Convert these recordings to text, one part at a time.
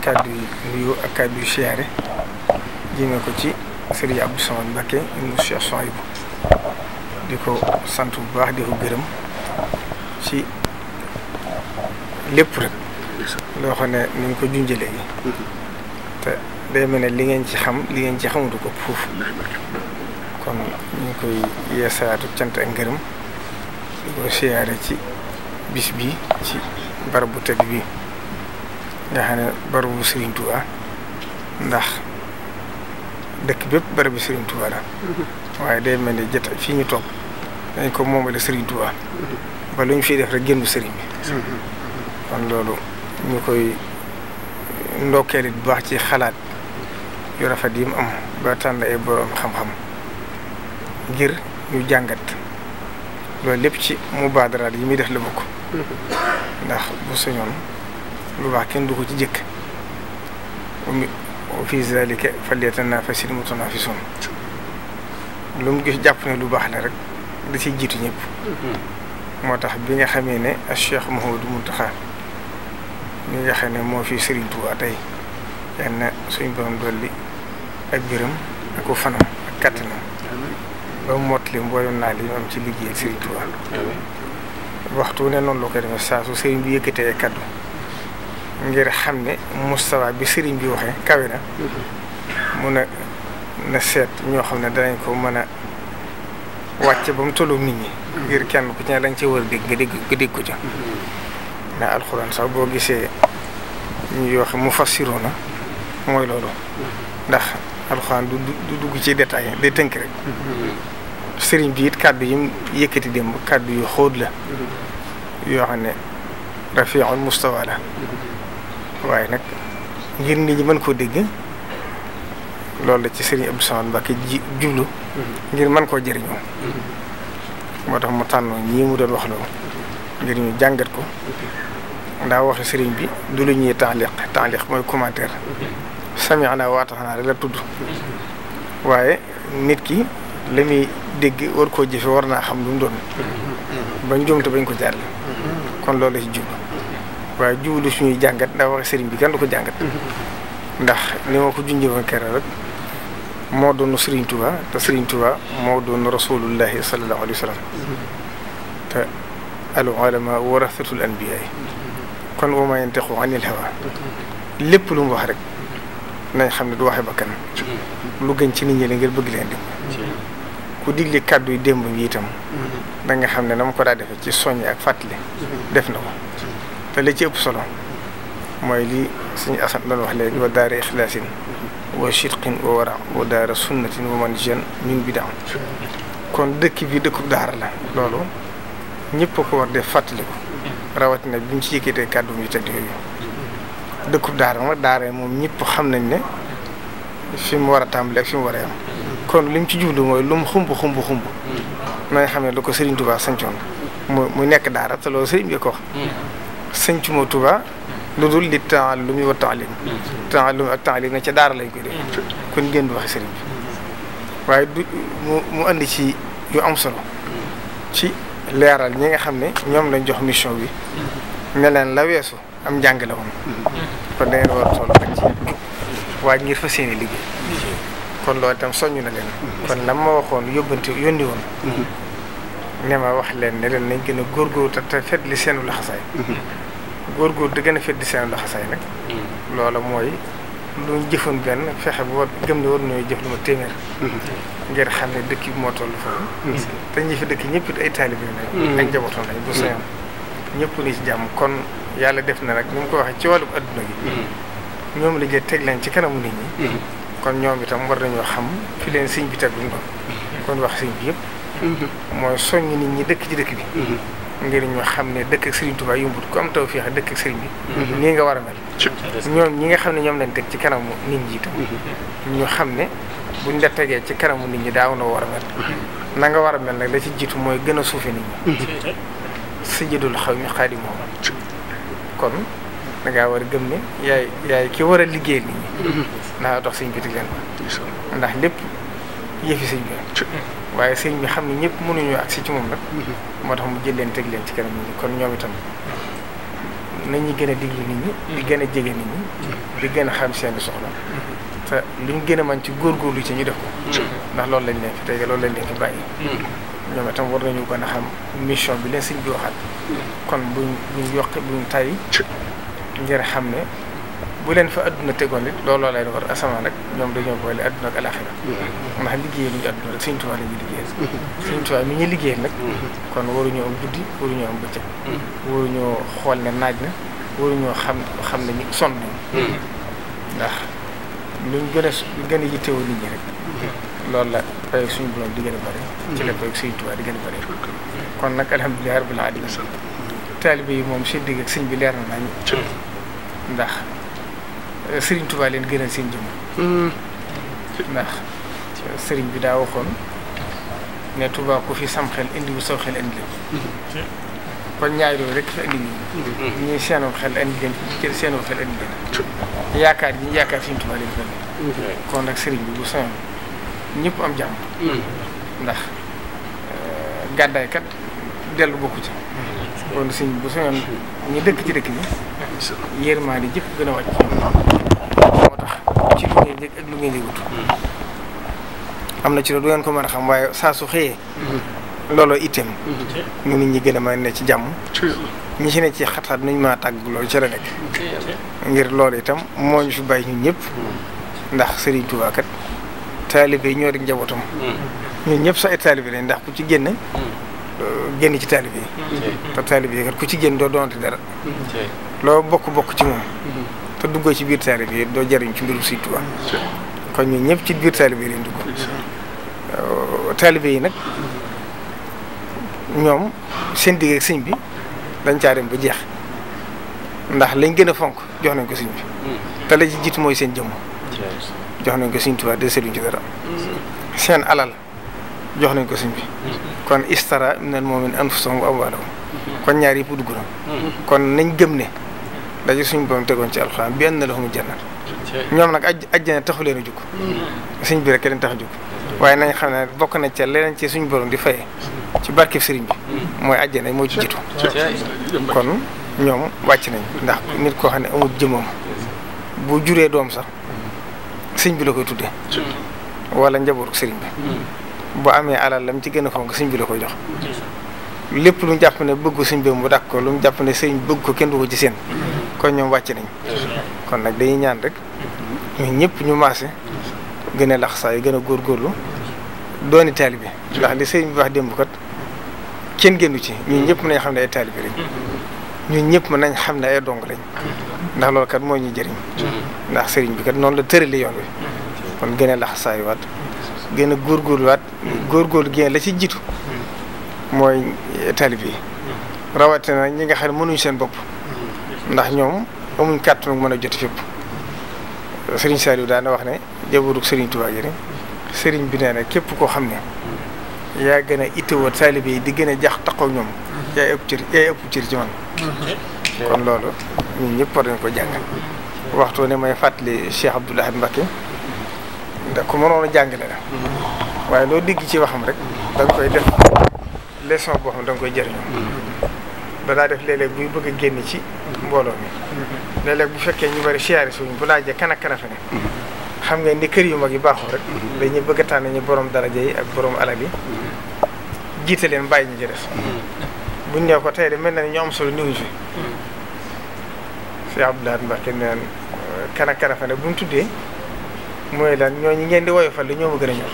kàddu yu nuyu ak kàddu yu siyaare jëmee ko ci Serigne Abdou Samad Mbacké mu Cheikh Souhaïbou di ko sant bu baax di ko gërëm ci lépp rek loo xam ne ni ñu ko junjee léegi te day mel ne li ngeen ci xam li ngeen ci xamutu ko foofu kon ñu ngi koy yeesalaatu cant ak ngërëm di ko siyaare ci bis bi ci barab bu tëdd bi nga xam ne barabu Serigne ndax dëkk bépp barabu Serigne Touba la mm-hmm. waaye day mel ni jot fii ñu toog dañ ko moomale Serigne Touba ba lu ñu fiy def rek génn Serigne bi mm-hmm. kon loolu ñu koy ndokkeel it bu baax ci xalaat yu rafet yi mu am ba tànn ay boroom xam-xam ngir ñu jàngat loolu lépp ci mubaadaraat yi muy def la bokk mm-hmm. ndax bu sañoon lu baax kenn du ko ci jëkk fi zalika falyatanafasil mutanafisun lu mu gis jàpp ne lu baax la rek da ci jiitu ñëpp mm-hmm. moo tax bi nga xamee ne ak Cheikh Mouhamadou Mountakha ne moo fi Serigne Touba tey yal na suñ borom dolli ak biram ak ko fanam ak kattanam ba mu mottali mboolem naa li ñu am ci liggéey Serigne Touba waxtu ne noonu loo koy defee saa su Serigne bi yëkkatee ay kaddu ngir xam ne mustawa bi sëriñ bi waxe kawe na mun a na seet ñoo xam ne danañ ko mën a wàcce ba mu tollu nit ñi ngir kenn ku ci ne lañ ci war dégg nga dégg nga dégg ko ca ndax alxuraan sax boo gisee ñu wax mu siroo na mooy loolu ndax alxuraan du dugg ci détail day tënk rek sëriñ bi it kàddu yi mu yëkkati démb kàddu yu xóot la yoo xam ne rafiul mustawa la waaye nag ngir nit ñi mën koo dégg loolu la ci Serigne Abdou Samad Mbacké ji jublu ngir mën koo jëriñoo moo tax mu tànnoo ñii mu doon wax loolu ngir ñu jàngat ko ndaa wax sëriñ bi du lu ñuy taaliq taaliq mooy commentaire sami ana waatax naa rek la tudd waaye nit ki la muy dégg war koo jëfe war naa xam lu mu doon bañ jumte bañ ko jaarle kon loolu la ci jublu waaye jiwlu suñuy jàngat ndax wax sëriñ bi kenn du ko jàngat. ndax li ma ko junjoon keroog rek moo doon sëriñ Tuba te sëriñ Tuba moo doon rasulullahi sallallahu alayhi wa sallam. te al ulama warasatul anbiya kon wa ma yantiqu anil lépp lu mu wax rek nañ xam ne du waxe ba kan lu gën ci nit ñi la ngir bëgg leen di ku digle kàddu yi démb yi itam mm-hmm. da nga xam ne na mu ko daa defee ci soññ ak fàttali mm-hmm. def na ko te li ëpp solo mooy li suñu asan doon wax léegi wa daara ixlaasin wa shidqin wa wara wa daara sunnatin wa man jeune min bi kon dëkk bi dëkkub daara la loolu ñëpp ko war def fàttaliku rawatina bi ñu ci yëkkatee kàddu yu tëdd yooyu moom ñëpp xam nañ ne fi mu war a tàmbali ak kon li mu ci jublu mooy lu mu xumb xumb xumb na nga xam ne lu ko Serigne Touba sancoon mu nekk daara te loolu Serigne bi ko wax sëncu ma Tuuba lu dul li taallumi wa taalim taallumi ak taalim na ca daara lañ koy def kon ngeen di waxe sëriñ bi waaye du mu indi ci yu am solo ci leeral ñi nga xam ne ñoom lañ jox mission bi ne leen la weesu am njàng la woon kon da ngeen war a toll rek ci waaye ngir fas yéene liggéey kon loolu itam soññ na leen kon la ma waxoon yóbbante yónni woon ne ma wax leen ne leen nañ gën a góorgóorlu te te fet li seenu laxasaay mhm. góorgóor di gën a fet li seenu laxasaay nag mhm. loola mooy lu ñu jëfoon benn fexe bu war gëm ne war nañoo jëf lu ma téeméer mhm. ngir xam ne dëkk bi moo toll foofu te ñu fi dëkk ñëpp it ay taalibe lañ ak njabootoon lañ bu soñoon ñëpp ni ci jàmm kon yàlla def na nag ni mu ko waxee ci wàllu àdduna gi ñoom la jël teg leen ci kanamu nit ñi kon ñoom itam war nañoo xam fi leen siñ bi teg duñ kon wax sëñ bi yëpp mooy soññ nit ñi dëkk ci dëkk bi. Mhm. ngir ñu xam ne dëkk ak Serigne Touba yombut ku am tawfeex dëkk ak Serigne bi. Mhm. nii nga war a mel. ñoom ñi nga xam ne ñoom lañ teg ci kanamu nit ñi mhm. ñu xam ne buñ la tegee ci kanamu nit ñi daaw na war a mel. na nga war a mel nag la ci jiitu mooy gën a suufe nit ñi. sajidul xaw mi xaadi moom. kon da war a gëm ne yaay yaay ki war a liggéeyal nit ñi. ndax ndax lépp. yëfi sëñ bi waaye sëñ mi xam ne ñëpp mënuñoo agsi ci moom nag mhm. moo tax mu jël leen teg leen ci kanam nit ñi kon ñoom itam nañu gën a diglu nit ñi di mhm. gën a jege nit ñi mhm. di gën a xam seen soxla te li ñu gën a man ci góor góorgóorlu ci ñu def ko ndax loolu lañ leen fi tege loolu lañ leen fi bàyyi ñoom itam war nañu gën a xam mission bi leen sëñ bi waxaat kon buñ buñ yokk buñ tay ngir xam ne bu leen fa àdduna tegoon it looloo lay war asamaan rek ñoom dañoo boole adduna ak alaxira mm-hmm. ndax liggéey lu ñu adduna rek Sëriñ Tuubaa la ñuy liggéeyal mm-hmm. Sëriñ Tuubaa mi ñu liggéeyal nag mm-hmm. kon waruñoo am guddi waruñoo am bëccëg waruñoo xool ne naaj na waruñoo xam xam ne ñu sonn ndax luñ gën gën a yittewoo nit ñi rek loolu la payoog suñu borom di gën a bëri ci la payoog Sëriñ Tuubaa di gën a bëri kon nag a rabbil alamin taalibe yi moom seen digg ak sëñ bi leer na nañ ndax sëriñ Touba leen gënal seen jëmm. Hmm. ndax sëriñ bi daa waxoon ne Touba ku fi sam xel indi saw xel indi kon ñaar yooyu rek fi indi ñu. ñii seenum xel indi leen jël seenum yaakaar ñi yaakaar sëriñ Touba leen gën kon nag sëriñ bi bu soñoon ñëpp am jàmm. ndax euh, gàddaay kat dellu bokku ci. kon sëriñ bu soñoon ñi dëkk ci dëkk bi. yërmaande jëpp gën a wàcc ci ñoom moo tax ci lu ngeen jëg ak lu ngeen jëgut hmm. am na ci loolu du ngeen ko mën a xam waaye saa su xëyee hmm. looloo itteem hmm. nit ñi gën a mën ne ci jàmm ñi ci ci xat-xat nuñ tàgg loolu ci la ngir loolu itam moo ñu fi bàyyi ñun ñëpp ndax Serigne Touba kat taalibe ñoo di njabootam ñun ñëpp sa ay taalibe lañ ndax ku ci génne génn ci taalib yi te taalib yi ku ci génn doo doonte dara loo bokk-bokk ci moom te duggoo ci biir taalib yi doo jariñ ci mbirum Sëriñ Tuubaa kon ñu ñëpp ci biir taalib yi leen dugg yi euh, nag ñoom seen digg ak sëñ bi dañ caa dem ba jeex ndax lañ gën a fonk jox nañ ko sëñ bi te la ci jiitu mooy seen jëmm jox nañ ko Sëriñ Tuubaa de seetluñ ci dara seen alal jox nañ ko sëñ bi kon istara minal mu'minina anfusahum wa amwaalahum kon ñaar yëpp dugg na kon nañ gëm ne daje suñ borom tegoon ci alxuraan bi anna lahumu jannat ñoom nag aj ajjana taxu leen a jóg sëñ bi rek leen tax a jóg waaye nañ xam ne bokk nañ ca leneen ci suñ borom di fayee ci barkeb sëriñ bi mooy ajjana mooy ci jiitu kon ñoom wàcc nañ ndax nit koo xam ne amul jëmmam bu juree doom sax sëñ bi la koy tuddee wala njabootu sëriñ bi boo amee alal lam ci gën a fonk sëñ bi la koy jox lépp lu jàpp ne bëgg sëñ bi mu dakk ko lu mu jàpp ne sëñ bëgg ko kenn du ko ci seen kon ñoom wàcc nañ kon nag dañuy ñaan rek ñu ñëpp ñu maase gën a laxsaay gën a góorgóorlu dooni taalibe bi ndax li sëñ bi wax démb kat kenn génnu ci ñun ñëpp nañ xam ne ay taalibe lañ ñun ñëpp mën nañ xam ne ay dong lañ ndax loolu kat mooy ñu jëriñ ndax sëriñ bi kat noonu la tërali yoon wi kon gën a laxsaay waat gën a góorgóorluwaat góorgóorlu génn la ci jiitu mooy talib yi rawatina ñi nga xam ne mënuñ seen bopp ndax ñoom amuñ kàttanu mën a jot fépp sëriñ Saliou daana wax ne jaboorug sëriñ Tuubaa gi sëriñ bi nee na képp koo xam ne yaa gën a ittewoo taalibe yi di gën a jax taxaw ñoom yaay ëpp cër yaay ëpp cër ci man kon loolu ñun ñëpp war nañ ko jàngal waxtu ne may fàttali Cheikh Abdoul Ahad Mbacké da ku mënoon a jàngale la mm-hmm. waaye loo dégg ci waxam rek da koy def leçon boo xam da nga koy jëriñoo mm-hmm. danaa def léeg-léeg buy bëgg a génn ci mm-hmm. mbooloo mi léeg bu fekkee ñu bari siyaare suñu bu laajee kan ak xam ngeen ni kër yu mag yi baaxoo rek dañuy bëgg a ñu borom daraja yi ak borom alal yi leen bàyyi ñu ci ñëw ko tey mel na ni solo niwuñ fi si Abdoulaye Mbacke neen kan ak kan fa ne bu mu tuddee mooy lan ñooñu ngeen di woyofal ñoo ma gën a ñor.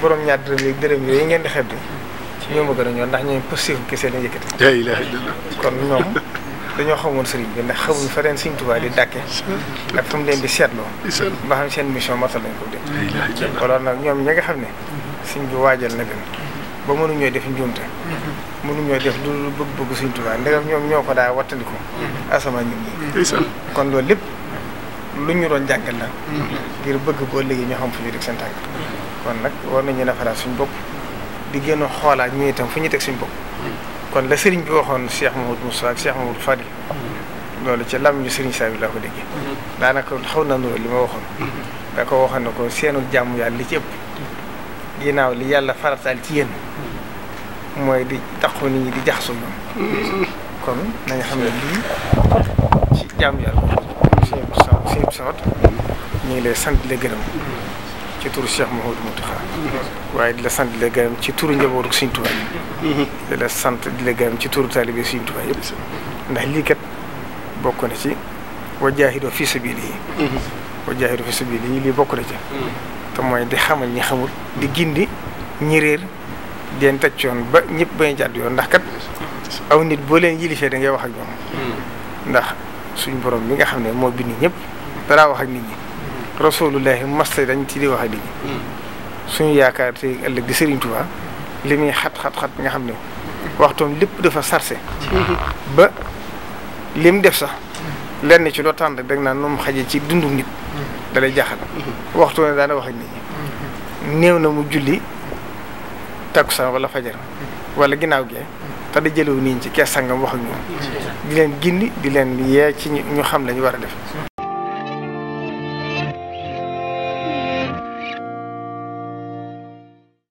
borom ñaar dërëm yi dërëm ngeen di xet di ñoo ma gën a ñor ndax ñooñu positif kese lañ yëkkati. la ilaha illallah kon ñoom dañoo xamoon sëriñ bi ndax xamuñ fa leen Sëriñ Tuubaa di dàkke ak fa mu leen di seetloo. ba xam seen mission matal lañ ko dégg. kon ñoom ñi nga xam ne sëriñ bi waajal na leen ba mënuñoo def njuumte. mënuñoo def lu bëgg-bëgg Sëriñ Tuubaa ndegam ñoom ñoo ko daa wattandiko mm-hmm. asama nit ñi kon loolu lépp lu ñu doon jàngal la mm-hmm. ngir bëgg boo léegi ñu xam fu ñu teg seen tànk kon nag war nañu defaraat suñ bopp di gën a xoolaat ñu tam fu ñu teg suñ bopp mm-hmm. kon la sëriñ bi waxoon Cheikh Mamadou Moussa ak Cheikh Mamadou Fadi mm-hmm. loolu ci lam ñu sëriñ saa bi ko déggee daanaka xaw na loolu li waxoon ko waxoon ne ko seenul jàmm yàlla li ci ëpp ginnaaw li yàlla farataal ci yéen mooy di taqu nit ñi di jaxasoo ñoom kon nañu xam ne lii ci jàmm yàlla Abdou ñu ngi lay sant di la gërëm ci turu Cheikh Mouhamadou Mountakha waaye di la sant di la gërëm ci turu njabootu Sëriñ Tuubaa yi di la sant di la gërëm ci turu taalibe Sëriñ Tuubaa yëpp ndax lii kat bokk na ci wa jaahidoo fi sabiilihi wa jaahidoo fi sabiilihi lii bokk na ci te mooy di xamal ñi xamul di gindi ñi réer di leen teg yoon ba ñëpp bañ jàdd yoon ndax kat aw nit boo leen yilifee da ngay wax ak ñoom ndax suñu borom bi nga xam ne moo bind ñëpp dara wax ak nit ñi rasulullahi masta dañ ci di wax ak nit ñi hmm. suñu yaakaar te ëllëg di Serigne Touba li muy xat-xat-xat nga xam ne waxtoom lépp dafa sarse hmm. ba lim def sax lenn ci loo tànn dag naa nu mu xaje ci dundum nit hmm. dalay jaaxal waxtu ne daana wax ak nit ñi néew na mu julli takkusaan wala fajar wala ginnaaw gee te da jëlewu nit ñi ci kees sangam wax ak ñoom di leen gindi di leen yee ci ñu xam la war a def